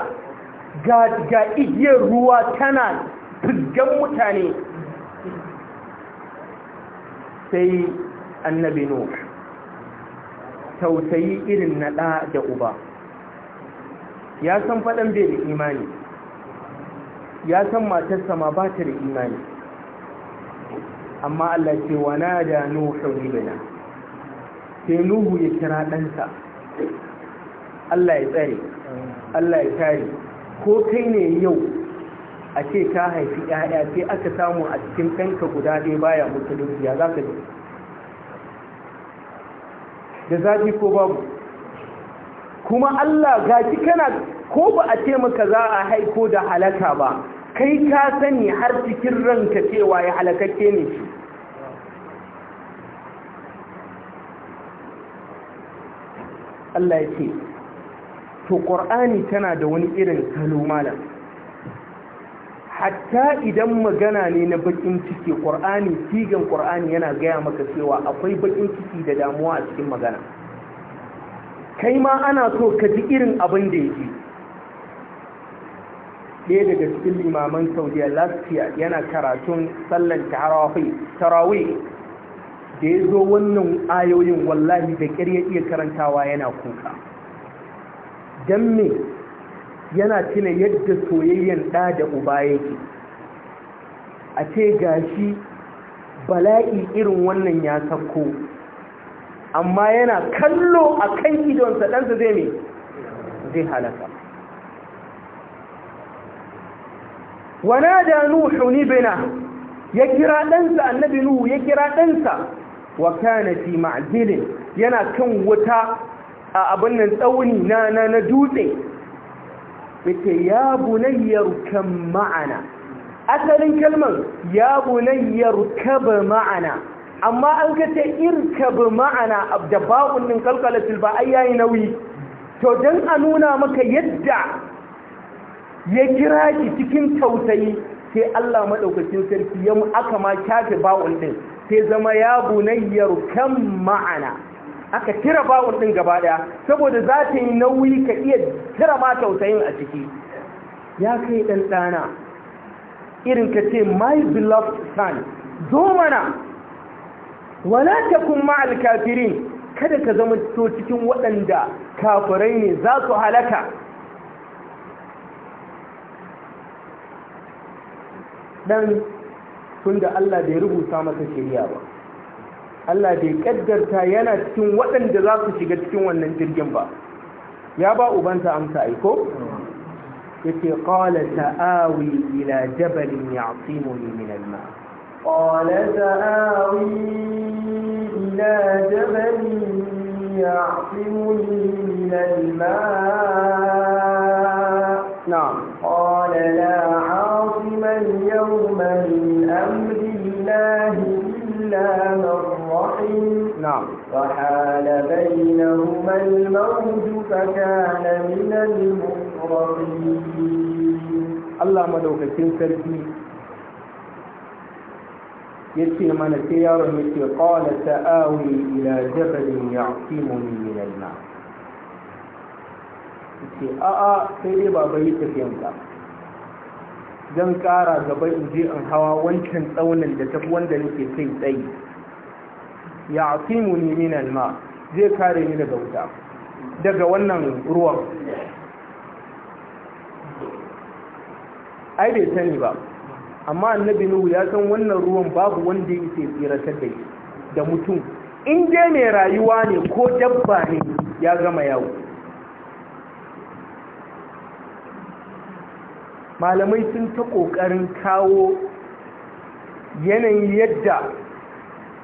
ga igiyar ruwa tana fizgan mutane sai annabi nuh tausayi irin na ɗa da uba ya san faɗan bai da imani ya san matarsa ma ba ta da imani amma Allah ce wana da nuhu ibna sai nuhu ya kira ɗansa Allah ya tsare Allah ya kare ko kai ne yau a ce ka haifi ƴaƴa sai aka samu a cikin ɗanka guda ɗaya baya mutu ya za ka ji da zafi ko babu kuma Allah gaji kana ko ba a ce maka za a haiko da halaka ba kai ka sani har cikin ranka cewa ya halakakke ne shi Allah ya ce to ƙor'ani tana da wani irin salo malam hatta idan magana ne na bakin ciki ƙor'ani sigan ƙor'ani yana gaya maka cewa akwai bakin ciki da damuwa a cikin magana kai ma ana so ka ji irin abin da ya ji. ɗaya daga cikin limaman saudiya lafiya yana karatun sallan tarawih da ya zo wannan ayoyin wallahi da ƙirya iya karantawa yana kuka don me yana tuna yadda soyayyen ɗa da uba yake a ce gashi bala'i irin wannan ya sauko amma yana kallo a kan idonsa ɗansa zai ne zai halaka ونادى نوح ابنه يكرا دنسا ya kira يكرا دنسا وكان في معزل ينا كان وتا abin nan tsauni na na na dutse yake ya bunayyar ma'ana asalin kalmar ya bunayyar kaba ma'ana amma an kace irkaba ma'ana da ba'un din kalkalatul ba ai yayi nauyi to dan a nuna maka yadda ya kira ki cikin tausayi sai Allah madaukakin sarki ya aka ma kyafe bawon din sai zama ya bunayyar kan ma'ana aka kira bawon din gaba daya saboda za ta yi nauyi ka iya kira ma tausayin a ciki ya kai dan dana irin ka ce my beloved son zo mana wala takun ma'al kafirin kada ka zama to cikin waɗanda kafirai ne za su halaka ɗan tun da Allah bai rubuta masa shari'a ba Allah bai ƙaddarta yana cikin waɗanda za su shiga cikin wannan jirgin ba ya ba ubanta amsa ai ko. ce ƙwala ta'awi ila jabalin ya tsimoni min alma ƙwala ta'awi ila jabalin ya tsimoni min alma na'am يوم من أمر الله إلا من رحم نعم وحال بينهما الموت فكان من المقربين الله ملوك تنسرتي يتي من السيارة مثل قال سآوي إلى جبل يعصمني من الماء يتي آآ سيدي بابا يتفينك zan ƙara gaba in je in hawa wancan tsaunin da ta wanda nake kai tsayi ya asimu ni min ma zai kare ni daga wuta daga wannan ruwan ai bai sani ba amma annabi nuhu ya san wannan ruwan babu wanda yake tsiratar da da mutum in dai mai rayuwa ne ko dabba ne ya gama yawo malamai sun ta ƙoƙarin kawo yanayin yadda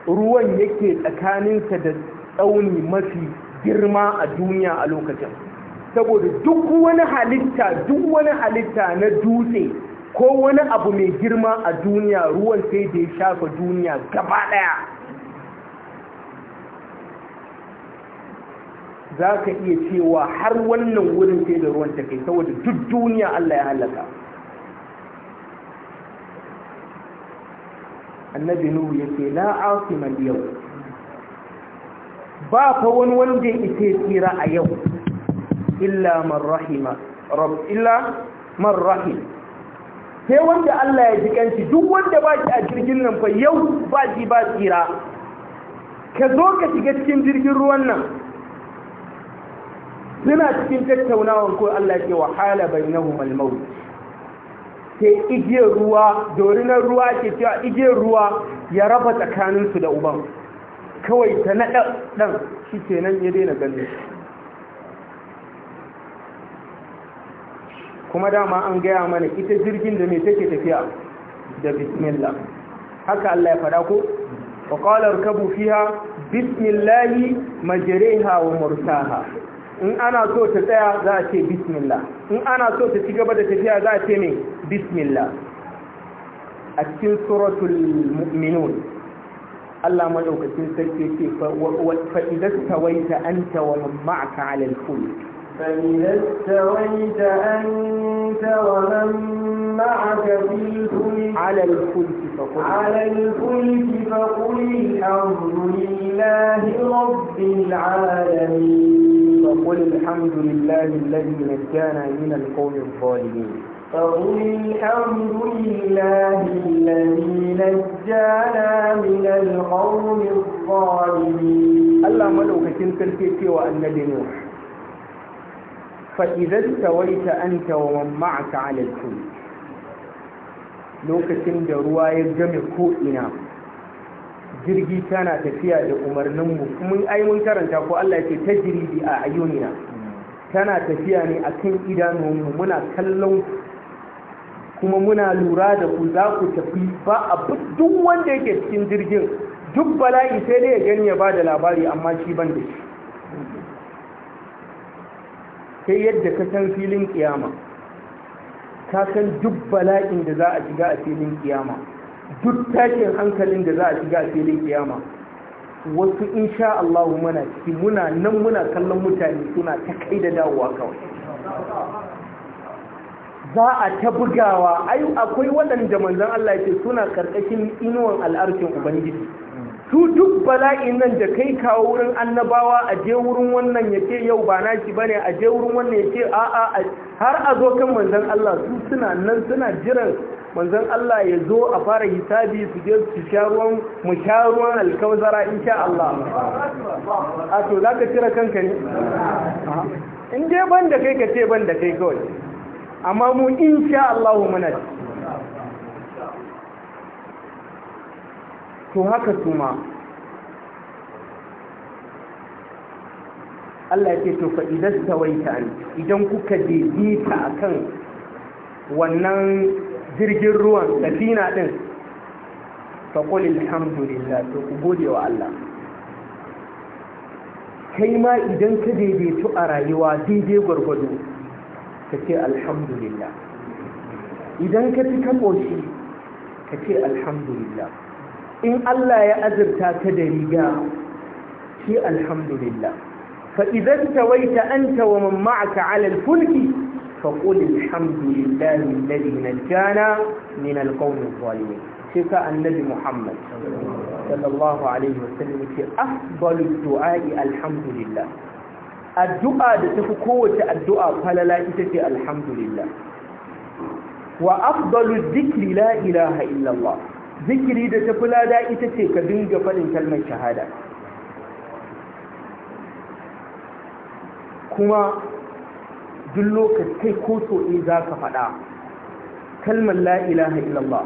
ruwan yake tsakaninsa da tsauni mafi girma a duniya a lokacin saboda duk wani halitta duk wani halitta na dutse ko wani abu mai girma a duniya ruwan sai da ya shafa duniya gaba ɗaya za ka iya cewa har wannan wurin sai da ruwan ta kai saboda duk duniya allah ya halaka annabi nuhu ya ce la asiman yau ba fa wani wanda ya ce tsira a yau illa man rahima rabb illa man rahim sai wanda Allah ya ji duk wanda ba shi a jirgin nan fa yau ba shi ba tsira ka zo ka shiga cikin jirgin ruwan nan suna cikin tattaunawa ko Allah ya ce wa hala bainahum al-maut ke igiyar ruwa dorinar ruwa ke cewa igiyar ruwa ya raba tsakaninsu da uban kawai ta naɗa ɗan shi ke nan ya daina ganin kuma dama an gaya mana ita jirgin da mai take tafiya da bismillah haka Allah ya faɗa ko wa qala irkabu fiha bismillah majriha wa mursaha in ana so ta tsaya za a ce bismillah in ana so ta ci gaba da tafiya za a ce ne bismillah a cikin suratul mu'minun Allah madaukakin sarki ce fa idan tawaita anta wa man ma'aka 'ala al-fulk فإذا استويت أنت ومن معك في الفلك على الفلك فقل على الفلك فقل الحمد لله رب العالمين فقل الحمد لله الذي نجانا من القوم الظالمين فقل الحمد لله الذي نجانا من القوم الظالمين الله ملوك تلك الفلك وأن لنوح نوح فإذا استويت أنت ومن معك على lokacin da ruwa ya game ko'ina jirgi tana tafiya da umarninmu mun ai mun karanta ko Allah ce ta jirgi a ayyunina tana tafiya ne a kan idanunmu muna kallon kuma muna lura da ku za ku tafi ba a duk wanda yake cikin jirgin duk bala'i sai dai ya gani ya ba da labari amma shi ban da shi sai yadda ka san filin kiyama ka san duk bala'in da za a shiga a filin kiyama duk takin hankalin da za a shiga a filin kiyama wasu insha Allah muna ciki muna nan muna kallon mutane suna ta kai da dawowa kawai za a ta bugawa akwai waɗanda manzon Allah ce suna karkashin inuwan al'arkin ubangiji su duk bala'in nan da kai kawo wurin annabawa a je wurin wannan ya ce yau ba naki ba ne a je wurin wannan ya ce a'a har a zo kan manzan Allah su suna nan suna jiran manzan Allah ya zo a fara hisabi su je su sha ruwan mu sha ruwan alkawzara insha Allah a to za ka cire kanka ne in dai ban da kai ka ce ban da kai kawai amma mu in sha Allah muna ci to haka ma, Allah ya ce to fa idan tawaita idan kuka daidaita akan wannan jirgin ruwan safina din fa qul alhamdulillah to ku gode wa Allah kai ma idan ka daidaitu a rayuwa daidai gwargwado ka ce alhamdulillah idan ka fi kaɓoshi ka ce alhamdulillah in Allah ya azurta ka da riga shi alhamdulillah fa idan tawaita ta wa man ma'aka 'ala al-fulki alhamdulillah min alhamdulillahi alladhi najjana min al-qawmi adh-dhalimin shi ka annabi Muhammad sallallahu alaihi wasallam ce afdalu du'a alhamdulillah addu'a da tafi kowace addu'a falala ita ce alhamdulillah wa afdalu dhikri la ilaha zikiri da ta fi lada ita ce ka dinga faɗin kalmar shahada kuma duk lokacin ko so za ka faɗa kalmar la'ilaha illallah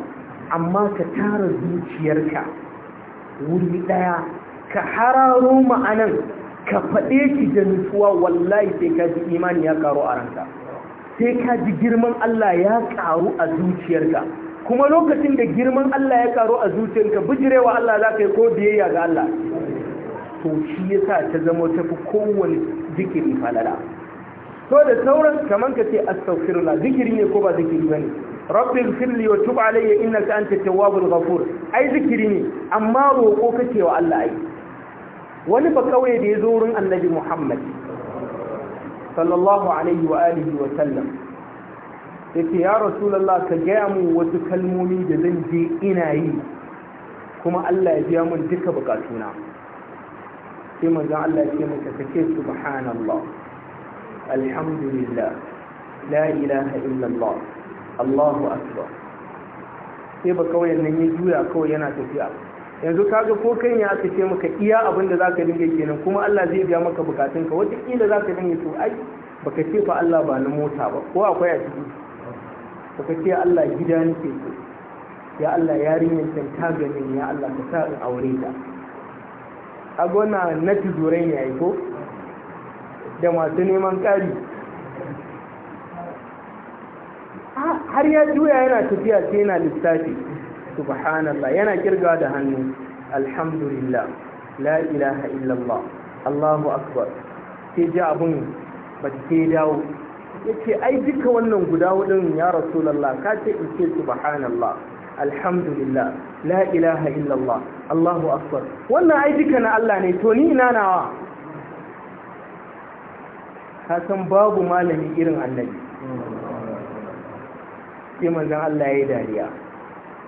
amma ka tara zuciyarka wuri ɗaya ka hararo ma'anan ka faɗe shi da nutsuwa wallahi sai ka ji imani ya ƙaru a ranka sai ka ji girman Allah ya ƙaru a zuciyarka kuma lokacin da girman Allah ya karo a zuciyarka bijirewa Allah za ka yi ko biyayya ga Allah to shi ya sa ta zama ta fi kowane zikiri falala to da sauran kamar ka ce astaghfirullah zikiri ne ko ba zikiri bane rabbi firli wa tub alayya innaka anta tawwabul ghafur ai zikiri ne amma roko kake wa Allah ai wani ba kawai da ya zo wurin annabi Muhammad sallallahu alaihi wa alihi wa sallam ya ce ya rasulallah ka gaya mun wasu kalmomi da zan je ina yi kuma Allah ya biya mun duka bukatuna sai manzon Allah ya ce mun ka kace subhanallah alhamdulillah la ilaha illallah Allahu akbar sai ba kawai nan ya juya kawai yana tafiya yanzu kaga ko kan ya aka ce maka iya abin da zaka dinga kenan kuma Allah zai biya maka bukatunka wata kila zaka dinga to ai baka ce fa Allah ba na mota ba ko akwai a ciki baka ce Allah gida nake so ya Allah yarinyar can ta gani ya Allah ka sa in aure ta a gona na tudurai ne ai ko da masu neman ƙari ah, har ya juya yana tafiya sai yana lissafi subhanallah yana kirga da hannu alhamdulillah la ilaha illallah allahu akbar sai ji abun ba ta dawo yace ai duka wannan guda hudun ya rasulullah ka ce in ce subhanallah alhamdulillah la ilaha illallah allahu akbar wannan ai duka na Allah ne to ni ina nawa ka san babu malami irin annabi sai manzon Allah ya yi dariya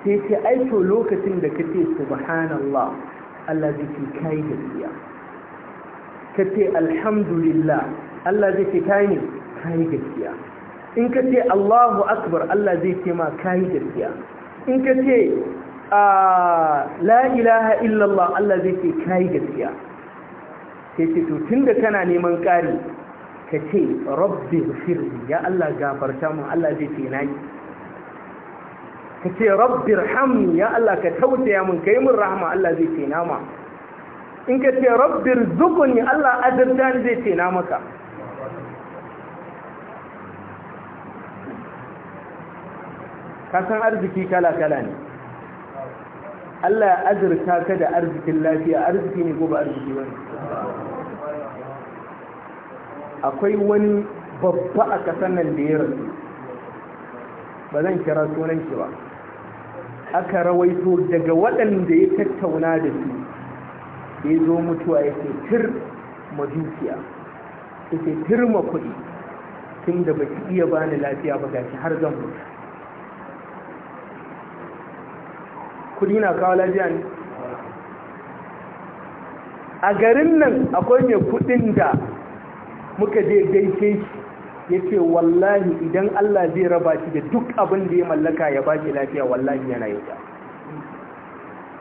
sai ce ai to lokacin da kace subhanallah Allah zai ce kai gaskiya kace alhamdulillah Allah zai ce kai ne kayi gaskiya in ka ce Allahu akbar Allah zai ce ma kayi gaskiya in ka ce la ilaha illallah Allah zai ce kayi gaskiya sai ce to tunda kana neman ƙari ka ce rabbi firli ya Allah gafarta mu Allah zai ce nayi ka ce rabbi rahamni ya Allah ka tausaya mun kai mun rahama Allah zai ce nama in ka ce rabbi rizqni Allah azabta ni zai ce na maka kasan arziki kala-kala ne Allah ya azurta ka da arzikin lafiya arziki ne ko ba arziki wani akwai wani babba a kasan nan da ya rasu ba zan kira sunan shi ba aka rawaito daga waɗanda ya tattauna da su ya zo mutuwa ya ce tir ma dukiya ya ce tir ma kuɗi tun da ba iya bani lafiya ba gashi har zan mutu kudi na kawo lafiya ne a garin nan akwai mai kudin da muka je gaishe shi ya ce wallahi idan Allah zai raba shi da duk abin da ya mallaka ya ba shi lafiya wallahi yana yi ta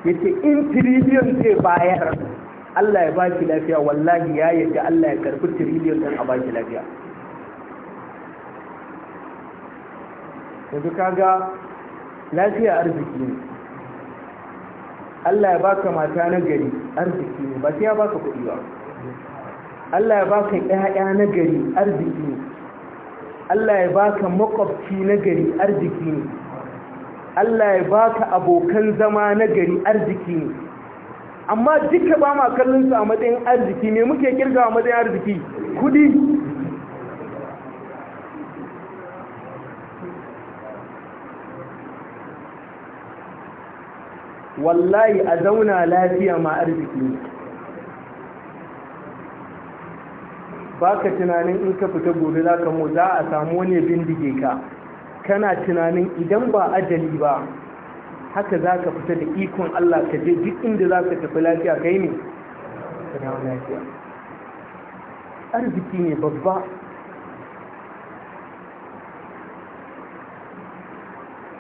ya ce in tiriliyon zai bayar Allah ya ba shi lafiya wallahi ya yadda Allah ya karfi tiriliyon don a ba shi lafiya yanzu kaga lafiya arziki ne Allah ya baka mata na gari arziki ne ba sai ya baka kuɗi ba Allah ya baka ƴaƴa na gari arziki ne Allah ya baka makwabci na gari arziki ne Allah ya baka abokan zama na gari arziki ne amma duka ba ma kallon su a matsayin arziki ne muke kirga a matsayin arziki kuɗi wallahi a zauna lafiya ma arziki ne ba tunanin in ka fita gobe za ka mu za a samu wani bindige ka kana tunanin idan ba ajali ba haka za ka fita da ikon Allah ka je duk inda za ka tafi lafiya kai ne ka dawo lafiya arziki ne babba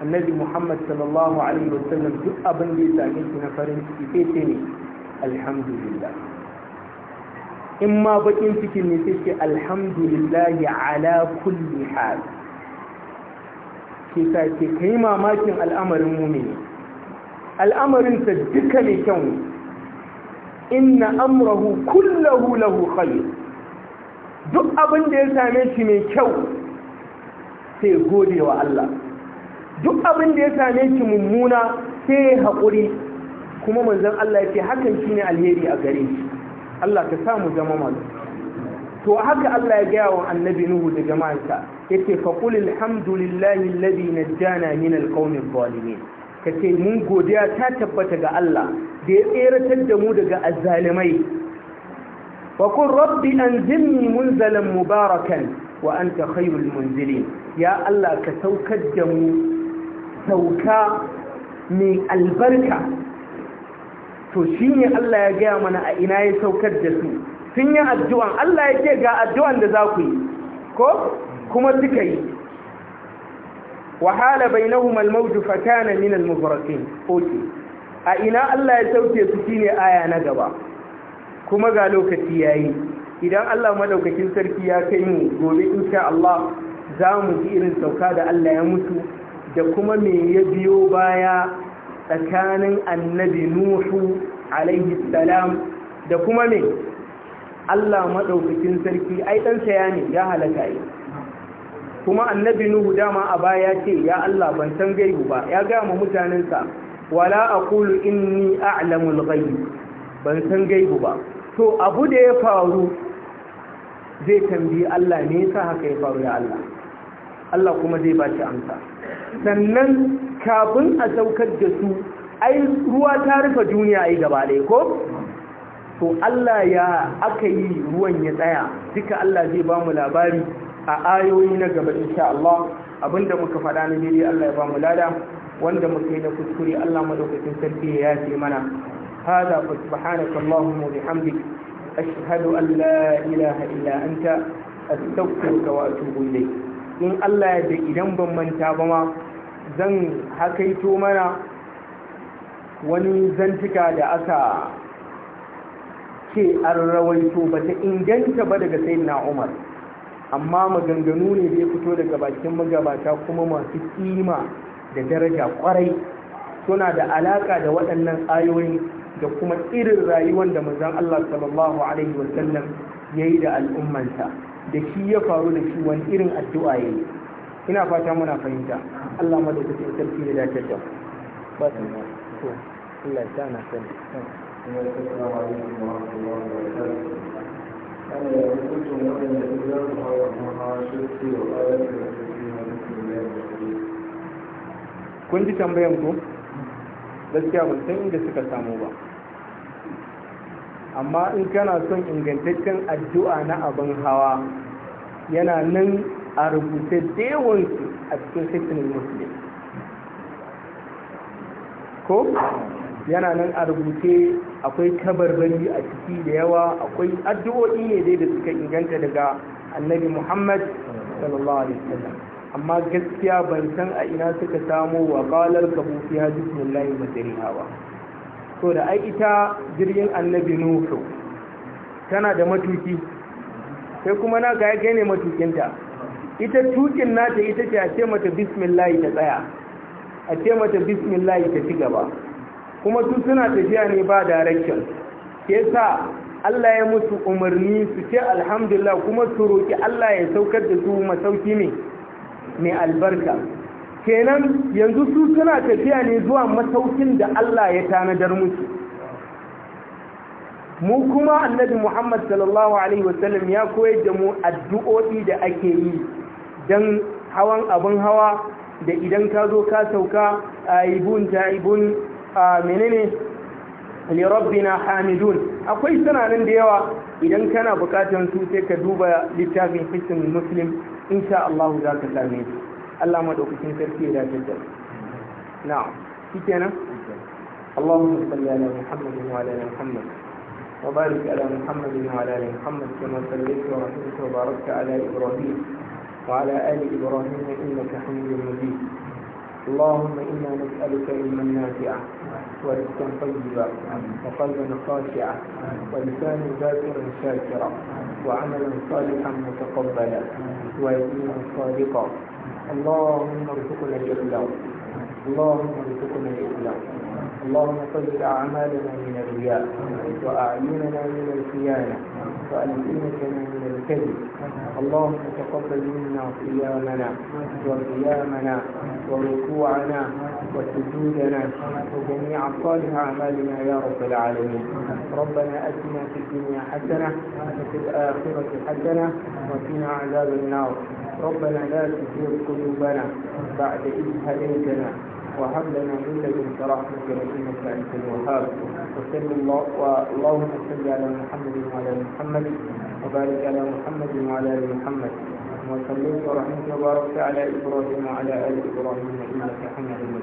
annabi muhammad sallallahu alaihi wa sallam duk abin da ya same shi na farin ciki sai ce ne alhamdulillah in ma bakin cikin ne sai ce alhamdulillah ala kulli hal ke sa ke kai mamakin al'amarin mumini al'amarin ta duka mai kyau inna amrahu kullahu lahu khair duk abin da ya same shi mai kyau sai gode wa Allah duk abin da ya same ki mummuna sai ya haƙuri kuma manzon Allah ya ce hakan shine alheri a gare shi Allah ka samu zama malu to haka Allah ya gaya wa annabi Nuhu da jama'arsa ya ce qul alhamdulillahi alladhi najjana min alqawmi adh-dhalimin ce mun godiya ta tabbata ga Allah da ya tseratar da mu daga azzalimai wa qul rabbi anzilni munzalan mubarakan wa anta khayrul munzilin ya Allah ka saukar da mu sauka mai albarka to shi ne Allah ya gaya mana a ina ya saukar da su sun yi addu'an Allah ya ce ga addu'an da za ku yi ko kuma suka yi wahala bai na humal mautu fatana minal mubarafin oke a ina Allah ya sauke su shi ne aya na gaba kuma ga lokaci ya yi idan Allah madaukakin sarki ya kai mu gobe in sha Allah za mu ji irin sauka da Allah ya mutu da kuma me ya biyo baya tsakanin annabi nuhu alaihi salam da kuma me Allah maɗaukakin sarki ai ɗansa ya ne ya halaka yi kuma annabi nuhu dama a baya ce ya Allah ban san gaibu ba ya gama ma mutanensa wala a Kulu inni a'lamul ghaib ban san gaibu ba to abu da ya faru zai tambayi Allah ne yasa haka ya faru ya Allah Allah kuma zai ba shi amsa sannan kafin a saukar da su ai ruwa ta rufe duniya ai gaba ɗaya ko to Allah ya aka yi ruwan ya tsaya duka Allah zai ba mu labari a ayoyi na gaba insha Allah abinda muka faɗa na daidai Allah ya ba mu lada wanda muka yi na kuskure Allah madaukakin sarki ya yafe mana hada fa subhanaka allahumma wa bihamdik ashhadu an la ilaha illa anta astaghfiruka in Allah da idan ban manta ba ma zan hakaito mana wani zantika da aka ce an rawaito ba ta inganta ba daga sayin na umar amma maganganu ne da ya fito daga bakin magabata kuma masu kima da daraja kwarai suna da alaka da waɗannan ayoyin da kuma irin rayuwar da manzon Allah sallallahu alaihi wasallam ya yi da al'ummanta. da shi ya faru da shi wani irin addu'a ya yi ina fata muna fahimta Allah ma da kuke sarki da dace da ba su ne to Allah ya na sani kun ji tambayan ku gaskiya ban san inda suka samu ba amma in kana son ingantaccen addu'a na abin hawa yana nan a rubuce dewansu a cikin fitinin musulmi ko yana nan a rubuce akwai kabarbari a ciki da yawa akwai addu'o'i ne dai da suka inganta daga annabi muhammad sallallahu alaihi wasallam amma gaskiya ban san a ina suka samo wa qalar duk bismillahi wa tariha ba so da ai ita jirgin annabi nuhu tana da matuki sai kuma na ga kai ne matukinta ita tukin nata ita ce a ce mata bismillah ta tsaya a ce mata bismillah ta ci gaba kuma su suna tafiya ne ba direction ke Allah ya musu umarni su ce alhamdulillah kuma su roki Allah ya saukar da su masauki ne mai albarka kenan yanzu su suna tafiya ne zuwa masaukin da Allah ya tanadar musu mu kuma annabi Muhammad sallallahu alaihi wasallam ya koyar da mu addu'o'i da ake yi dan hawan abin hawa da idan ka zo ka sauka aibun taibun menene li rabbina hamidun akwai sananan da yawa idan kana bukatar su sai ka duba littafin fiqh muslim insha Allah za ka same su الله ما في سين تركي لا جدل نعم في أنا اللهم صل على محمد وعلى آل محمد وبارك على محمد وعلى ال محمد كما صليت ورحمت وباركت على ابراهيم وعلى ال ابراهيم انك حميد مجيد اللهم انا نسالك علما نافعا ورزقا طيبا وقلبا خاشعا ولسانا ذاكرا شاكرا وعملا صالحا متقبلا ويقينا صادقا اللهم ارزقنا الإخلاص اللهم ارزقنا الإخلاص اللهم صدر أعمالنا من الرياء وأعيننا من الخيانة وألسنتنا من الكذب اللهم تقبل منا صيامنا وقيامنا وركوعنا وسجودنا وجميع صالح أعمالنا يا رب العالمين ربنا أتنا في الدنيا حسنة وفي الآخرة حسنة وقنا عذاب النار ربنا لا تزغ قلوبنا بعد إذ هديتنا وهب لنا من لدنك رحمة إنك أنت الوهاب وصل الله اللهم صل على محمد وعلى محمد وبارك على محمد وعلى آل محمد وصليت ورحمت وبارك على إبراهيم وعلى آل إبراهيم إنك حميد مجيد